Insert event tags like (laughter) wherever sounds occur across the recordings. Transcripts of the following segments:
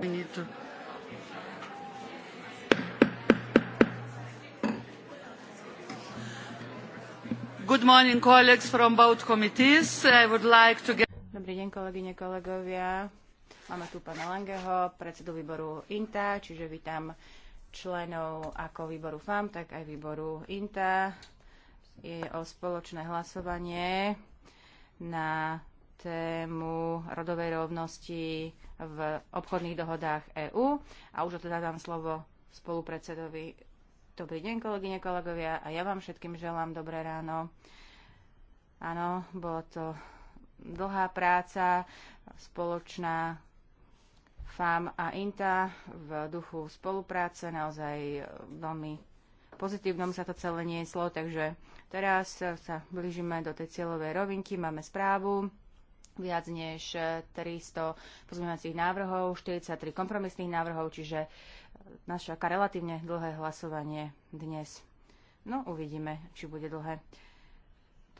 Morning, like get... Dobrý deň, kolegyne, kolegovia. Máme tu pána Langeho, predsedu výboru INTA, čiže vítam členov ako výboru FAM, tak aj výboru INTA. Je o spoločné hlasovanie na tému rodovej rovnosti v obchodných dohodách EÚ. A už teda dám slovo spolupredsedovi. Dobrý deň, kolegyne, kolegovia, a ja vám všetkým želám dobré ráno. Áno, bolo to dlhá práca, spoločná FAM a INTA v duchu spolupráce, naozaj veľmi pozitívnom sa to celé nieslo, takže teraz sa blížime do tej cieľovej rovinky, máme správu, viac než 300 eh, pozmeňovacích návrhov, 43 kompromisných návrhov, čiže eh, nás čaká relatívne dlhé hlasovanie dnes. No uvidíme, či bude dlhé.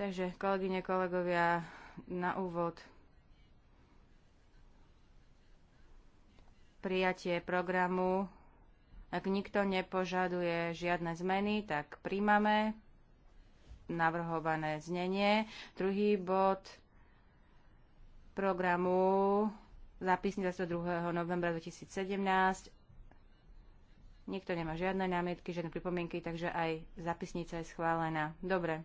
Takže, kolegyne, kolegovia, na úvod prijatie programu. Ak nikto nepožaduje žiadne zmeny, tak príjmame navrhované znenie. Druhý bod programu zápisnica 2. novembra 2017. Nikto nemá žiadne námietky, žiadne pripomienky, takže aj zápisnica je schválená. Dobre.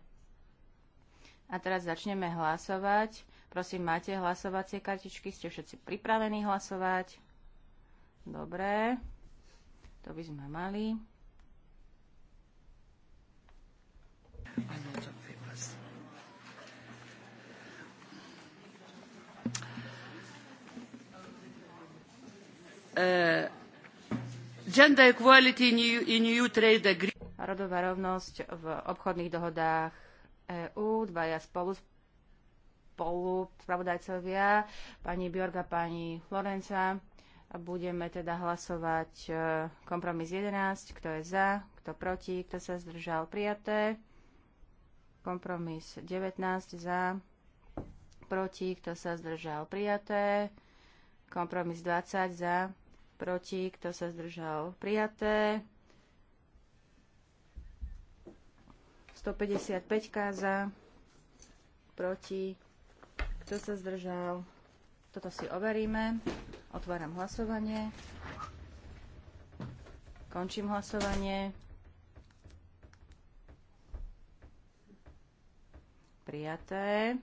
A teraz začneme hlasovať. Prosím, máte hlasovacie kartičky? Ste všetci pripravení hlasovať? Dobre. To by sme mali. Uh, Rodová rovnosť v obchodných dohodách EÚ, dvaja spolu spolu spravodajcovia, pani Bjorga, pani Florenca. A budeme teda hlasovať uh, kompromis 11, kto je za, kto proti, kto sa zdržal, prijaté. Kompromis 19 za, proti, kto sa zdržal, prijaté. Kompromis 20 za, proti, kto sa zdržal, prijaté. 155 za, proti, kto sa zdržal. Toto si overíme. Otváram hlasovanie. Končím hlasovanie. Prijaté.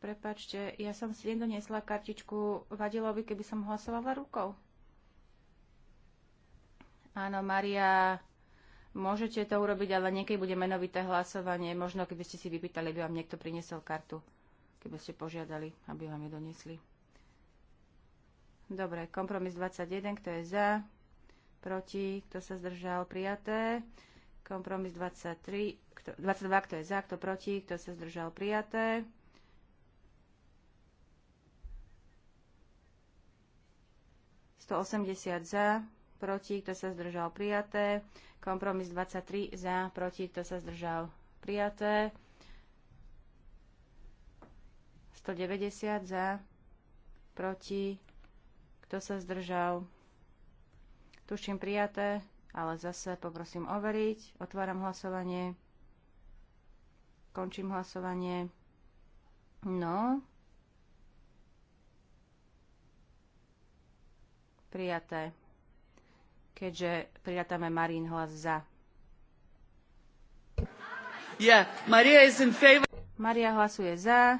Prepačte, ja som si nedoniesla kartičku Vadilovi, keby som hlasovala rukou. Áno, Maria, môžete to urobiť, ale niekedy bude menovité hlasovanie. Možno, keby ste si vypýtali, by vám niekto priniesol kartu, keby ste požiadali, aby vám ju doniesli. Dobre, kompromis 21, kto je za, proti, kto sa zdržal, prijaté. Kompromis 23, kto, 22, kto je za, kto proti, kto sa zdržal, prijaté. 180 za, proti, kto sa zdržal prijaté. Kompromis 23 za, proti, kto sa zdržal prijaté. 190 za, proti, kto sa zdržal. Tuším prijaté, ale zase poprosím overiť. Otváram hlasovanie. Končím hlasovanie. No, Prijaté. Keďže prijatáme Marín hlas za. Yeah, Maria is in favor. Maria hlasuje za.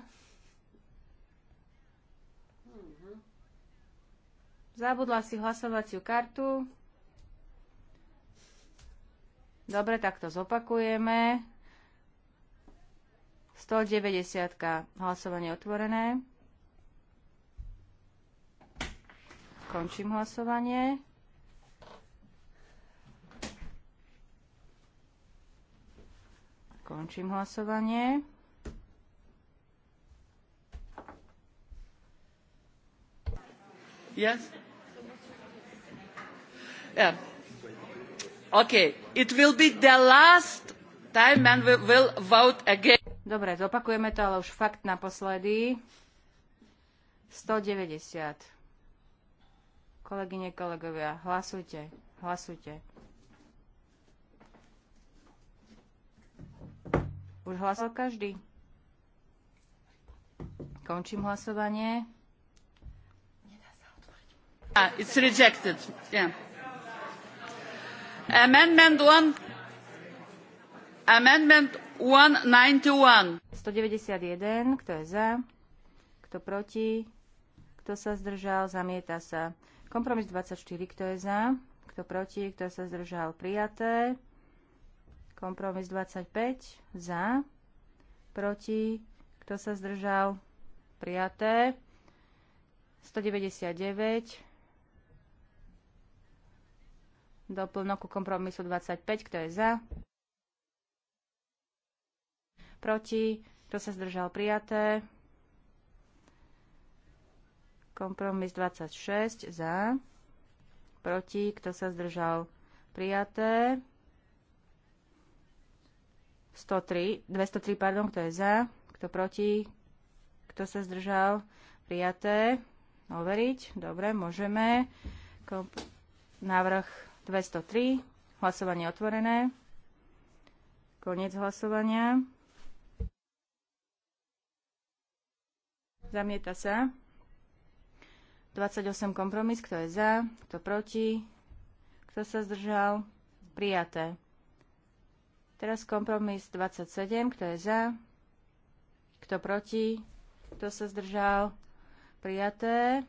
Zabudla si hlasovaciu kartu. Dobre, tak to zopakujeme. 190. Hlasovanie otvorené. Končím hlasovanie. Končím hlasovanie. Yes? Yeah. Okay. It will be the last time and we will vote again. Dobre, zopakujeme to, ale už fakt naposledy. 190. Kolegyne, kolegovia, hlasujte, hlasujte. Už hlasoval každý? Končím hlasovanie. Ah, it's rejected. Yeah. Amendment 1. Amendment 191. 191. Kto je za? Kto proti? Kto sa zdržal? Zamieta sa. Kompromis 24, kto je za, kto proti, kto sa zdržal, prijaté. Kompromis 25, za, proti, kto sa zdržal, prijaté. 199, doplnoku kompromisu 25, kto je za, proti, kto sa zdržal, prijaté. Kompromis 26 za. Proti, kto sa zdržal? Prijaté. 103, 203, pardon, kto je za, kto proti, kto sa zdržal, prijaté, overiť, dobre, môžeme. Komp- návrh 203, hlasovanie otvorené, koniec hlasovania. Zamieta sa. 28 kompromis, kto je za, kto proti, kto sa zdržal, prijaté. Teraz kompromis 27, kto je za, kto proti, kto sa zdržal, prijaté.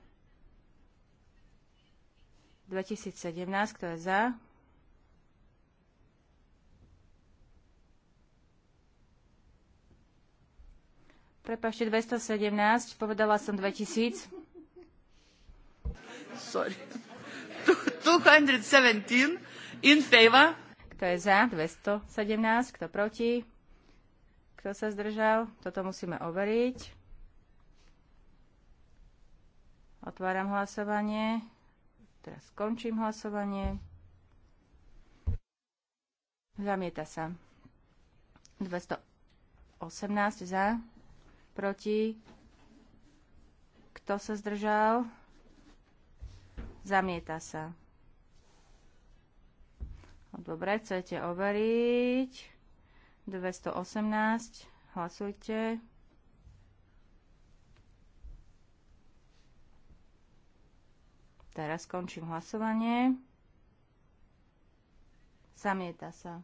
2017, kto je za, Prepašte, 217, povedala som 2000. Sorry. 217 (laughs) in favor. Kto je za? 217. Kto proti? Kto sa zdržal? Toto musíme overiť. Otváram hlasovanie. Teraz skončím hlasovanie. Zamieta sa. 218 za, proti. Kto sa zdržal? Zamieta sa. Dobre, chcete overiť. 218. Hlasujte. Teraz skončím hlasovanie. Zamieta sa.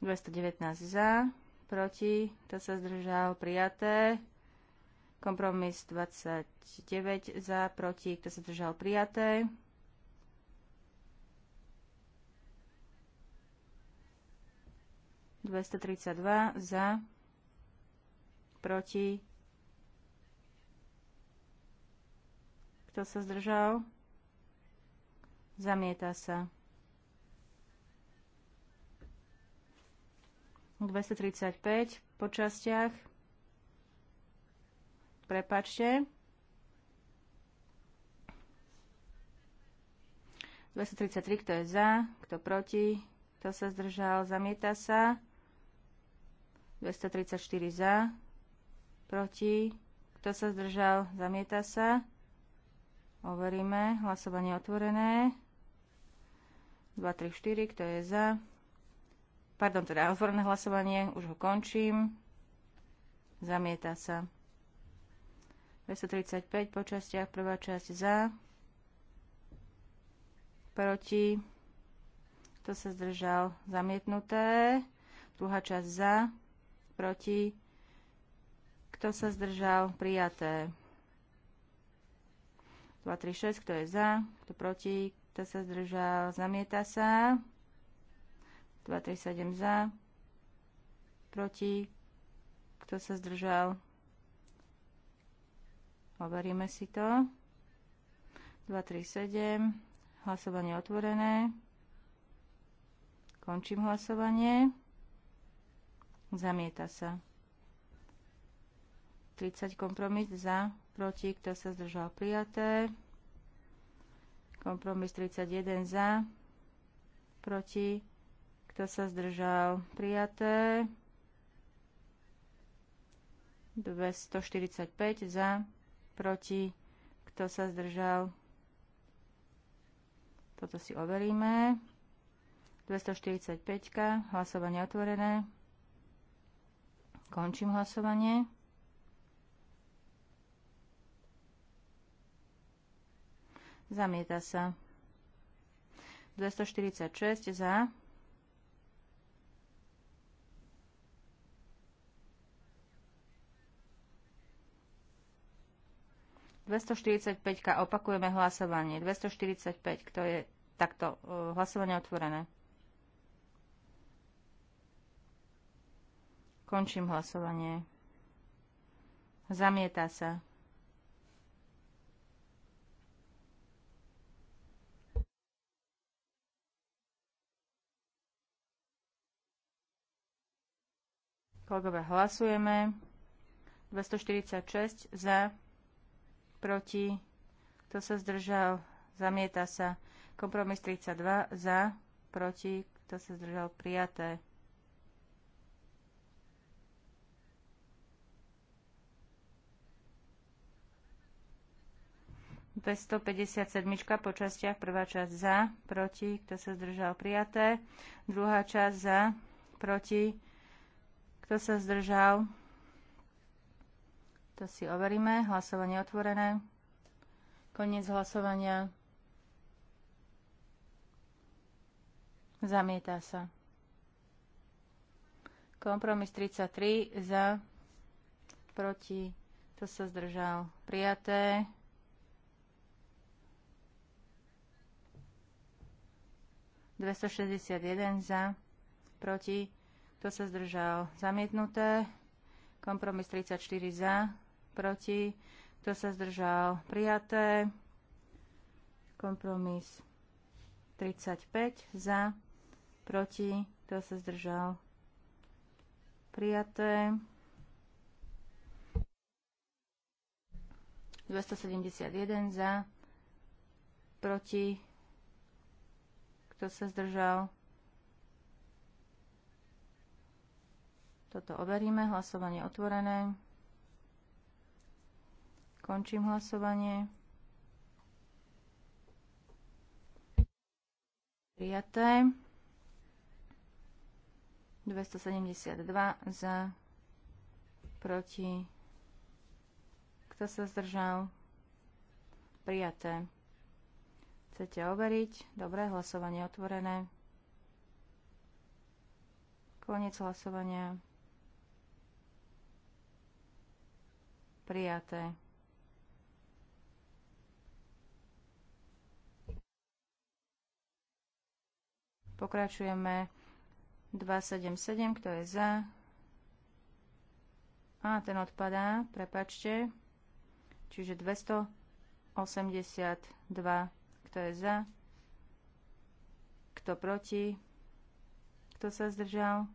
219 za, proti, to sa zdržal, prijaté. Kompromis 29 za, proti, kto sa držal prijaté. Dvesto za, proti. Kto sa zdržal? Zamieta sa. 235 po častiach. Prepačte. 233, kto je za, kto proti, kto sa zdržal, zamieta sa. 234 za, proti, kto sa zdržal, zamieta sa. Overíme, hlasovanie otvorené. 234, kto je za. Pardon, teda otvorené hlasovanie, už ho končím. Zamieta sa. 235 po častiach, prvá časť za, proti, kto sa zdržal, zamietnuté, druhá časť za, proti, kto sa zdržal, prijaté. 236, kto je za, kto proti, kto sa zdržal, zamieta sa. 237 za, proti, kto sa zdržal, Overíme si to. 237. Hlasovanie otvorené. Končím hlasovanie. Zamieta sa. 30 kompromis za, proti, kto sa zdržal prijaté. Kompromis 31 za, proti, kto sa zdržal prijaté. 245 za, proti, kto sa zdržal. Toto si overíme. 245. Hlasovanie otvorené. Končím hlasovanie. Zamieta sa. 246 za. 245, opakujeme hlasovanie. 245, kto je takto e, hlasovanie otvorené. Končím hlasovanie. Zamieta sa. Kolegové, hlasujeme. 246 za, proti, kto sa zdržal, zamieta sa. Kompromis 32 za, proti, kto sa zdržal, prijaté. 157 po častiach, prvá časť za, proti, kto sa zdržal, prijaté. Druhá časť za, proti, kto sa zdržal, prijaté. To si overíme. Hlasovanie otvorené. Koniec hlasovania. Zamieta sa. Kompromis 33 za, proti, to sa zdržal. Prijaté. 261 za, proti, to sa zdržal. Zamietnuté. Kompromis 34 za, proti, kto sa zdržal, prijaté. Kompromis 35 za, proti, kto sa zdržal, prijaté. 271 za, proti, kto sa zdržal, toto overíme. Hlasovanie otvorené. Končím hlasovanie. Prijaté. 272 za, proti. Kto sa zdržal? Prijaté. Chcete overiť? Dobré, hlasovanie otvorené. Koniec hlasovania. Prijaté. Pokračujeme 277, kto je za. A ten odpadá, prepačte. Čiže 282, kto je za. Kto proti? Kto sa zdržal?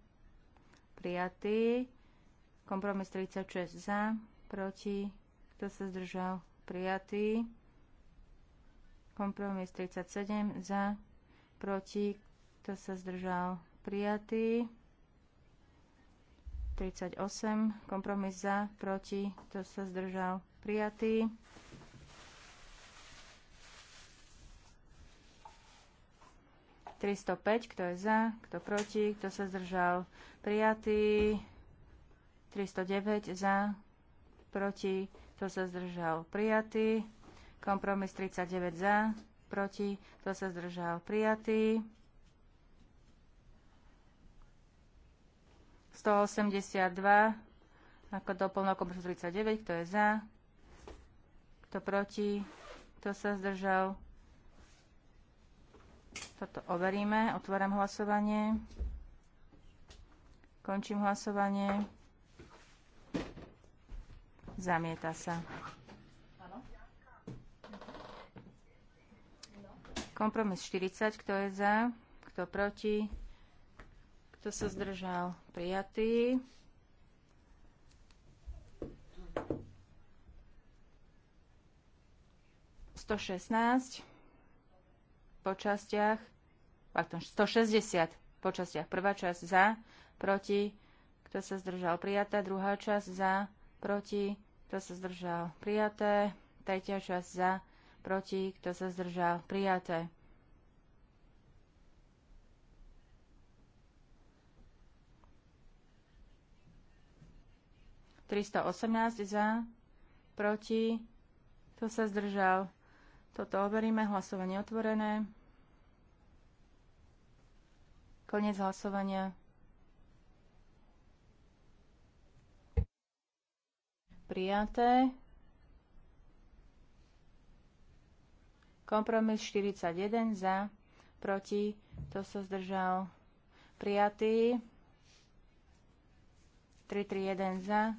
Prijatý. Kompromis 36 za, proti. Kto sa zdržal? Prijatý. Kompromis 37 za, proti kto sa zdržal? Prijatý. 38. Kompromis za, proti. Kto sa zdržal? Prijatý. kto je za, kto proti, kto sa zdržal, prijatý. 309 za, proti, kto sa zdržal, prijatý. Kompromis 39 za, proti, kto sa zdržal, prijatý. 182 ako doplnok 39, kto je za, kto proti, kto sa zdržal. Toto overíme. Otváram hlasovanie. Končím hlasovanie. Zamieta sa. Kompromis 40, kto je za, kto proti, kto sa zdržal? Prijatý. Sto šestnáct po častiach, pardon, 160 po častiach. Prvá časť za, proti, kto sa zdržal prijaté, druhá časť za, proti, kto sa zdržal prijaté, tretia časť za, proti, kto sa zdržal prijaté. 318 za, proti, kto sa zdržal. Toto overíme, hlasovanie otvorené. Koniec hlasovania. Prijaté. Kompromis 41 za, proti, kto sa zdržal. Prijatý. 331 za,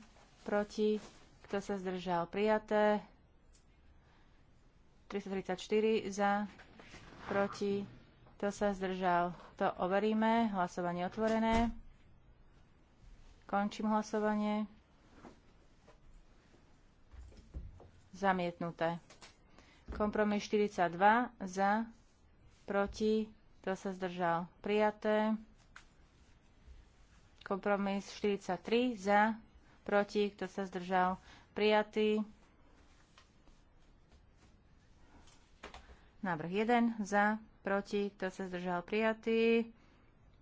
proti, kto sa zdržal, prijaté. 334 za, proti, kto sa zdržal, to overíme. Hlasovanie otvorené. Končím hlasovanie. Zamietnuté. Kompromis 42 za, proti, kto sa zdržal, prijaté. Kompromis 43 za, proti, kto sa zdržal, prijatý. Návrh 1 za, proti, kto sa zdržal, prijatý.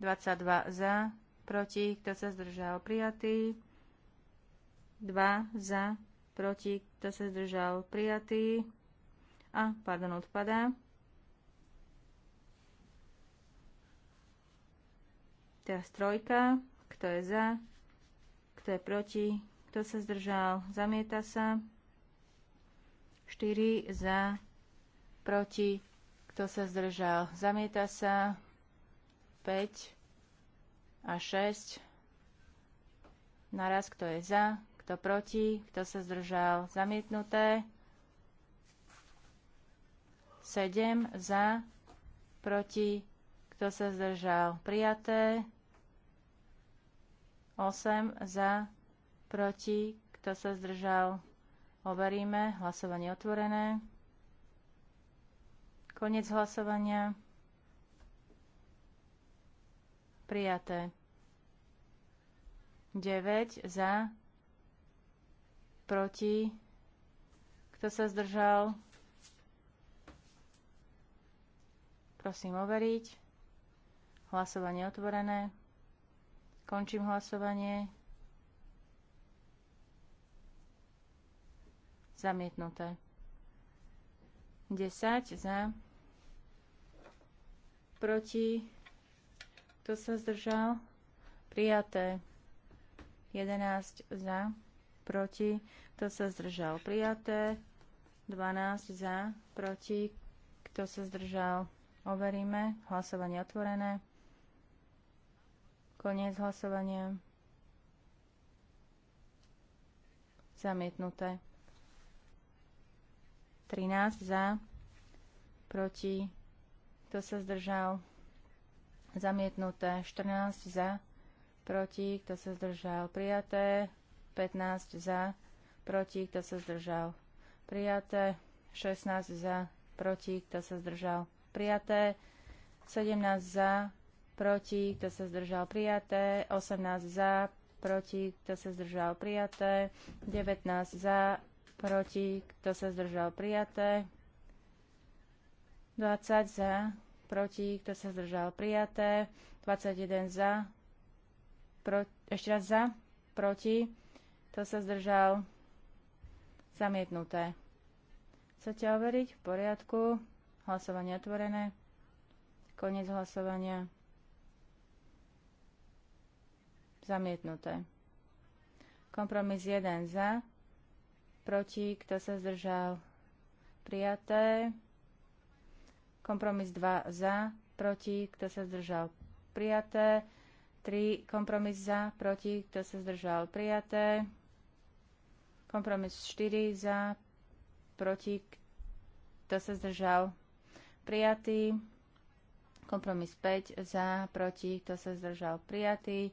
22 za, proti, kto sa zdržal, prijatý. 2 za, proti, kto sa zdržal, prijatý. A, pardon, odpadá. Teraz trojka, kto je za, kto je proti, kto sa zdržal, zamieta sa. 4 za, proti, kto sa zdržal, zamieta sa. 5 a 6. Naraz, kto je za, kto proti, kto sa zdržal, zamietnuté. 7 za, proti, kto sa zdržal, prijaté. 8 za, proti, kto sa zdržal, overíme. Hlasovanie otvorené. Konec hlasovania. Prijaté. 9 za, proti, kto sa zdržal, prosím overiť. Hlasovanie otvorené. Končím hlasovanie. Zamietnuté. 10 za. Proti. Kto sa zdržal? Prijaté. 11 za. Proti. Kto sa zdržal? Prijaté. 12 za. Proti. Kto sa zdržal? Overíme. Hlasovanie otvorené. Koniec hlasovania. Zamietnuté. 13 za, proti, kto sa zdržal. Zamietnuté. 14 za, proti, kto sa zdržal. Prijaté. 15 za, proti, kto sa zdržal. Prijaté. 16 za, proti, kto sa zdržal. Prijaté. 17 za, proti, kto sa zdržal prijaté, 18 za, proti, kto sa zdržal prijaté, 19 za, proti, kto sa zdržal prijaté, 20 za, proti, kto sa zdržal prijaté, 21 za, pro, ešte raz za, proti, kto sa zdržal zamietnuté. Chcete overiť? V poriadku. Hlasovanie otvorené. Koniec hlasovania. Zamietnuté. Kompromis 1 za. Proti, kto sa zdržal? Prijaté. Kompromis 2 za. Proti, kto sa zdržal? Prijaté. 3. Kompromis za. Proti, kto sa zdržal? Prijaté. Kompromis 4 za. Proti, kto sa zdržal? Prijatý. Kompromis 5 za. Proti, kto sa zdržal? Prijatý.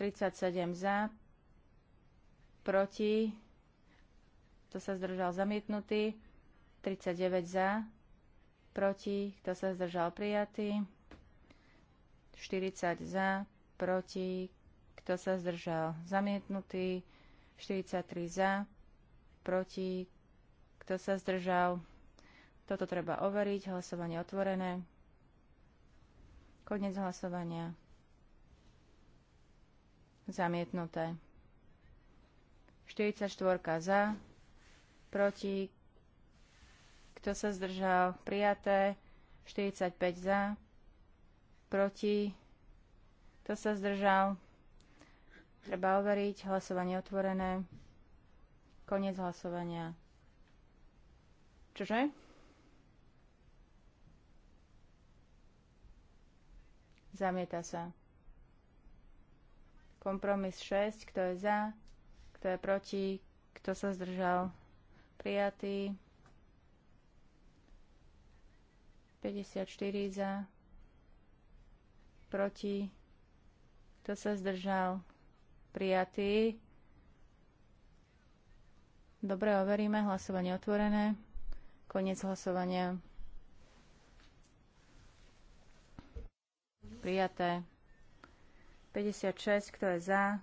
37 za, proti, kto sa zdržal zamietnutý, 39 za, proti, kto sa zdržal prijatý, 40 za, proti, kto sa zdržal zamietnutý, 43 za, proti, kto sa zdržal. Toto treba overiť, hlasovanie otvorené. Konec hlasovania. Zamietnuté. 44 za, proti, kto sa zdržal, prijaté. 45 za, proti, kto sa zdržal, treba overiť, hlasovanie otvorené, koniec hlasovania. Čože? Zamieta sa. Kompromis 6, kto je za, kto je proti, kto sa zdržal, prijatý. 54 za, proti, kto sa zdržal, prijatý. Dobre, overíme, hlasovanie otvorené, koniec hlasovania. Prijaté. 56, kto je za,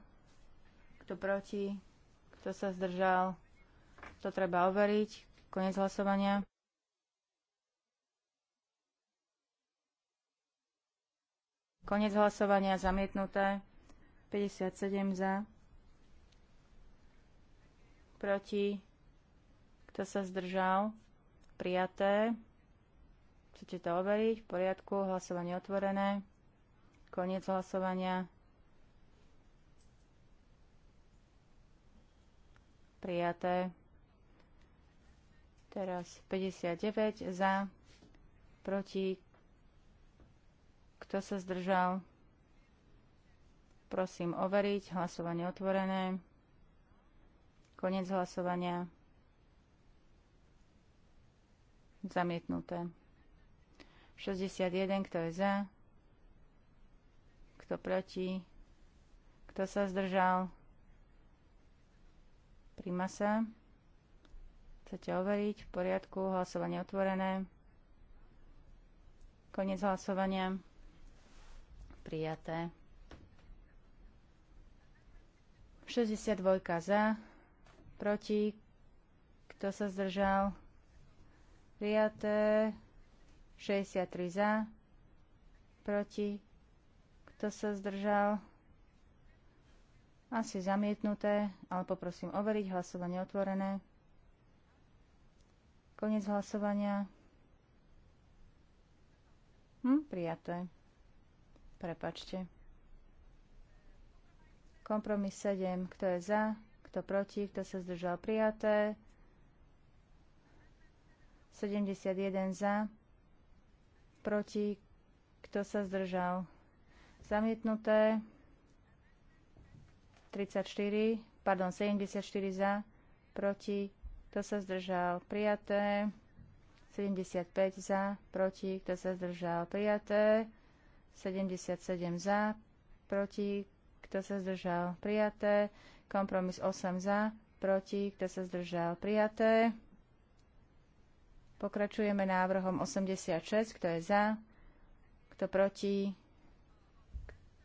kto proti, kto sa zdržal, to treba overiť. Konec hlasovania. Konec hlasovania zamietnuté. 57 za. Proti. Kto sa zdržal? Prijaté. Chcete to overiť? V poriadku. Hlasovanie otvorené. Koniec hlasovania. prijaté. Teraz 59 za, proti, kto sa zdržal. Prosím overiť, hlasovanie otvorené. Konec hlasovania. Zamietnuté. 61, kto je za? Kto proti? Kto sa zdržal? Príjma sa. Chcete overiť? V poriadku. Hlasovanie otvorené. Koniec hlasovania. Prijaté. 62 za. Proti. Kto sa zdržal? Prijaté. 63 za. Proti. Kto sa zdržal? Prijaté. Asi zamietnuté, ale poprosím overiť. Hlasovanie otvorené. Konec hlasovania. Hm, prijaté. Prepačte. Kompromis 7. Kto je za? Kto proti? Kto sa zdržal? Prijaté. 71 za. Proti? Kto sa zdržal? Zamietnuté. 34, pardon, 74 za, proti, kto sa zdržal, prijaté. 75 za, proti, kto sa zdržal, prijaté. 77 za, proti, kto sa zdržal, prijaté. Kompromis 8 za, proti, kto sa zdržal, prijaté. Pokračujeme návrhom 86, kto je za, kto proti,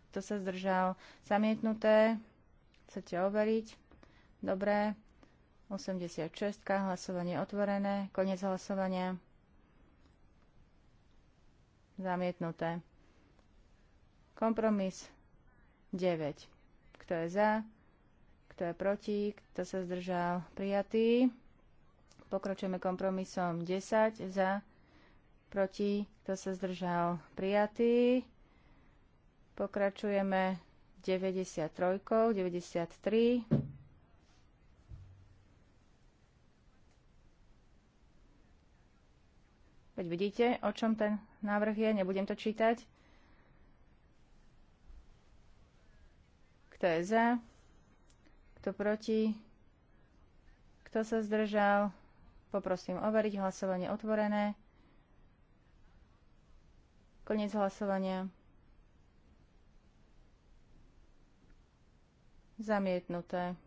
kto sa zdržal, zamietnuté. Chcete overiť? Dobre. 86. Hlasovanie otvorené. Konec hlasovania. Zamietnuté. Kompromis 9. Kto je za? Kto je proti? Kto sa zdržal? Prijatý. Pokračujeme kompromisom 10. Za? Proti? Kto sa zdržal? Prijatý. Pokračujeme 93, 93. Veď vidíte, o čom ten návrh je, nebudem to čítať. Kto je za? Kto proti? Kto sa zdržal? Poprosím overiť hlasovanie otvorené. Koniec hlasovania. Zamietnuté.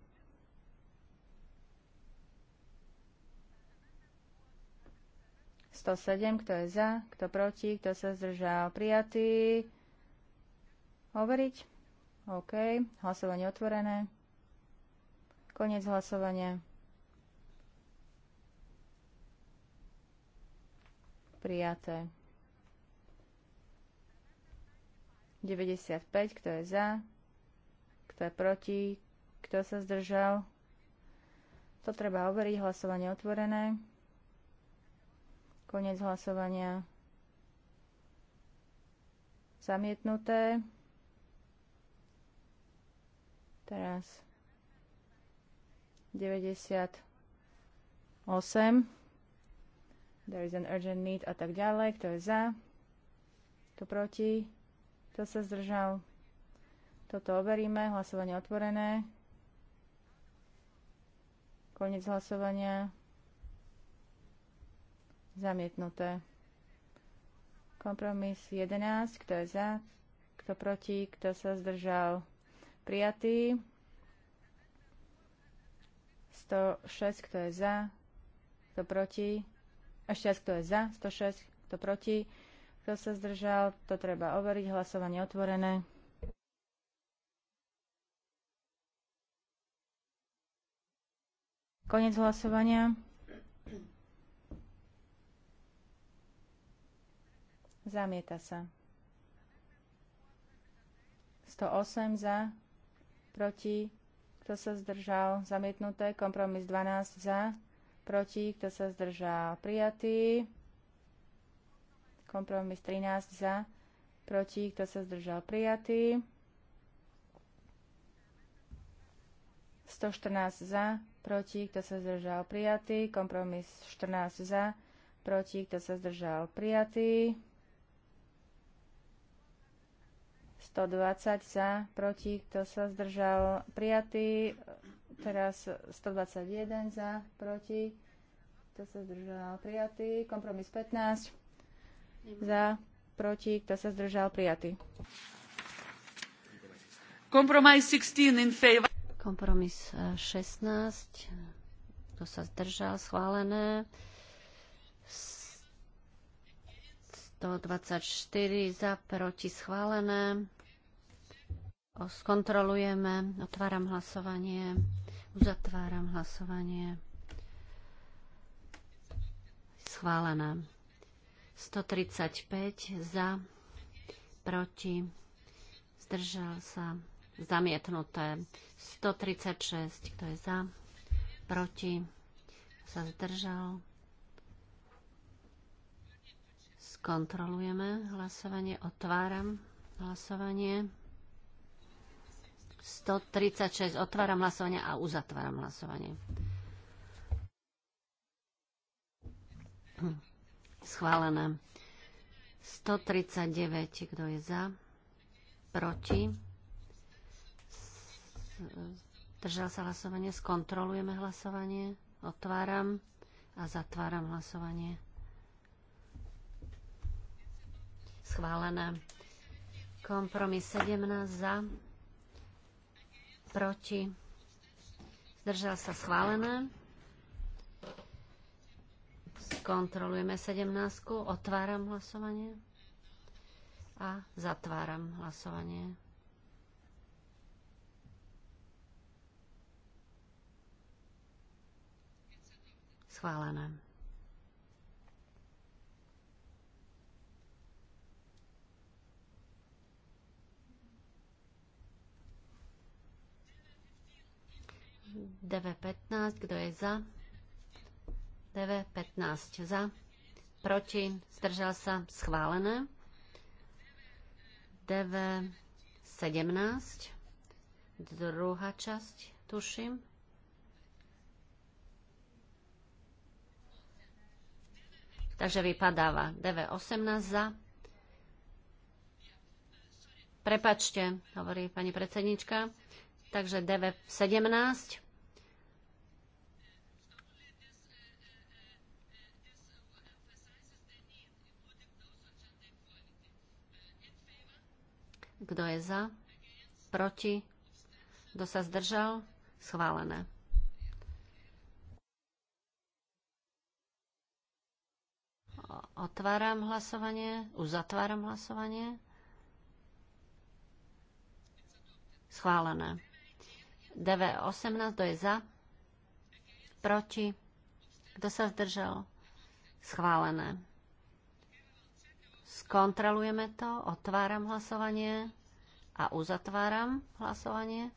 kto je za, kto proti, kto sa zdržal. Prijatý. Overiť. OK. Hlasovanie otvorené. Konec hlasovania. Prijaté. 95, kto je za, kto je proti, kto sa zdržal. To treba overiť, hlasovanie otvorené. Konec hlasovania zamietnuté. Teraz 98. There is an urgent need a tak ďalej. Kto je za? Kto proti? Kto sa zdržal? Toto overíme. Hlasovanie otvorené. Konec hlasovania. Zamietnuté. Kompromis 11. Kto je za? Kto proti? Kto sa zdržal? Prijatý. 106. Kto je za? Kto proti? Ešte raz, kto je za? 106. Kto proti? Kto sa zdržal? To treba overiť. Hlasovanie otvorené. Konec hlasovania. Zamieta sa. 108 za, proti, kto sa zdržal, zamietnuté, kompromis 12 za, proti, kto sa zdržal, prijatý, kompromis 13 za, proti, kto sa zdržal, prijatý, 114 za, proti, kto sa zdržal prijatý, kompromis 14 za, proti, kto sa zdržal prijatý, 120 za, proti, kto sa zdržal prijatý, teraz 121 za, proti, kto sa zdržal prijatý, kompromis 15 za, proti, kto sa zdržal prijatý. Kompromis 16 in favor. Kompromis 16. E, Kto sa zdržal? Schválené. 124 za, proti schválené. Skontrolujeme. Otváram hlasovanie. Uzatváram hlasovanie. Schválené. 135 za, proti, zdržal sa zamietnuté. 136, kto je za, proti, sa zdržal. Skontrolujeme hlasovanie, otváram hlasovanie. 136, otváram hlasovanie a uzatváram hlasovanie. Schválené. 139, kto je za, proti, Držal sa hlasovanie. Skontrolujeme hlasovanie. Otváram a zatváram hlasovanie. Schválené. Kompromis 17 za. Proti. Zdržal sa schválené. Skontrolujeme 17. Otváram hlasovanie. A zatváram hlasovanie. Schválené. DV15, kto je za? DV15 za, proti, zdržal sa, schválené. DV17, druhá časť, tuším, Takže vypadáva DV18 za. Prepačte, hovorí pani predsednička. Takže DV17. Kto je za? Proti? Kto sa zdržal? Schválené. Otváram hlasovanie, uzatváram hlasovanie. Schválené. DV18, kto je za? Proti? Kto sa zdržal? Schválené. Skontrolujeme to, otváram hlasovanie a uzatváram hlasovanie.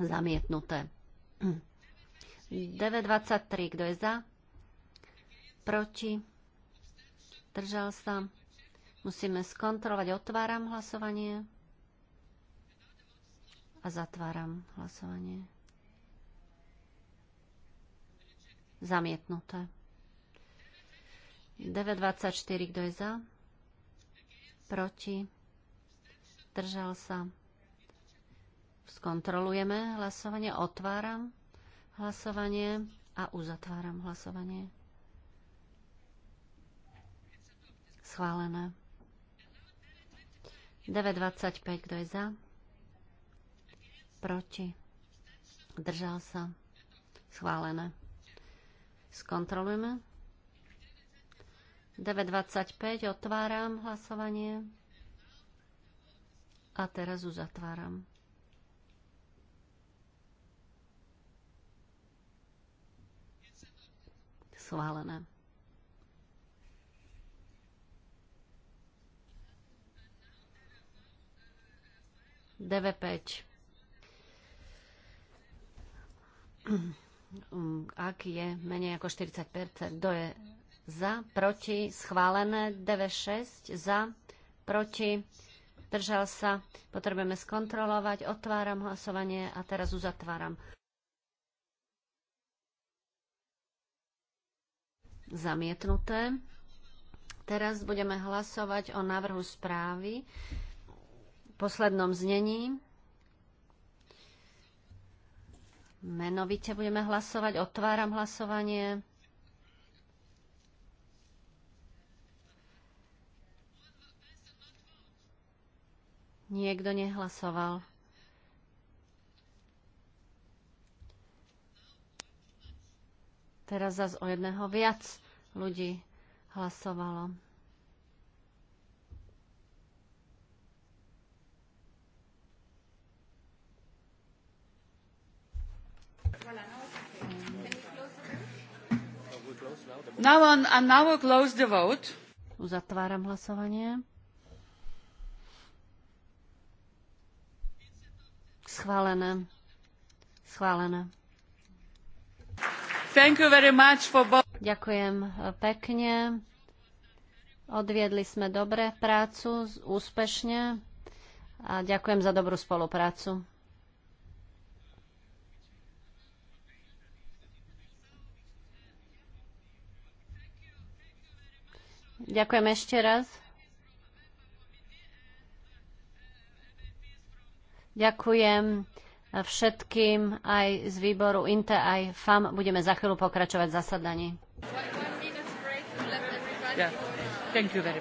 Zamietnuté. (clears throat) DV23, kto je za? proti, držal sa. Musíme skontrolovať. Otváram hlasovanie a zatváram hlasovanie. Zamietnuté. 9.24, kto je za? Proti? Držal sa? Skontrolujeme hlasovanie, otváram hlasovanie a uzatváram hlasovanie. Schválené. 9.25, kto je za? Proti? Držal sa? Schválené. Skontrolujeme. 9.25, otváram hlasovanie. A teraz zatváram. Schválené. DV5. Ak je menej ako 40 kto je za, proti, schválené, DV6 za, proti, držal sa, potrebujeme skontrolovať, otváram hlasovanie a teraz uzatváram. Zamietnuté. Teraz budeme hlasovať o návrhu správy poslednom znení. Menovite budeme hlasovať. Otváram hlasovanie. Niekto nehlasoval. Teraz zase o jedného viac ľudí hlasovalo. Now on, and now we'll close the vote. Uzatváram hlasovanie. Schválené. Schválené. Thank you very much for both. Ďakujem eh, pekne. Odviedli sme dobre prácu, úspešne a ďakujem za dobrú spoluprácu. Ďakujem ešte raz. Ďakujem všetkým aj z výboru INTE, aj FAM. Budeme za chvíľu pokračovať v zasadaní. Yeah.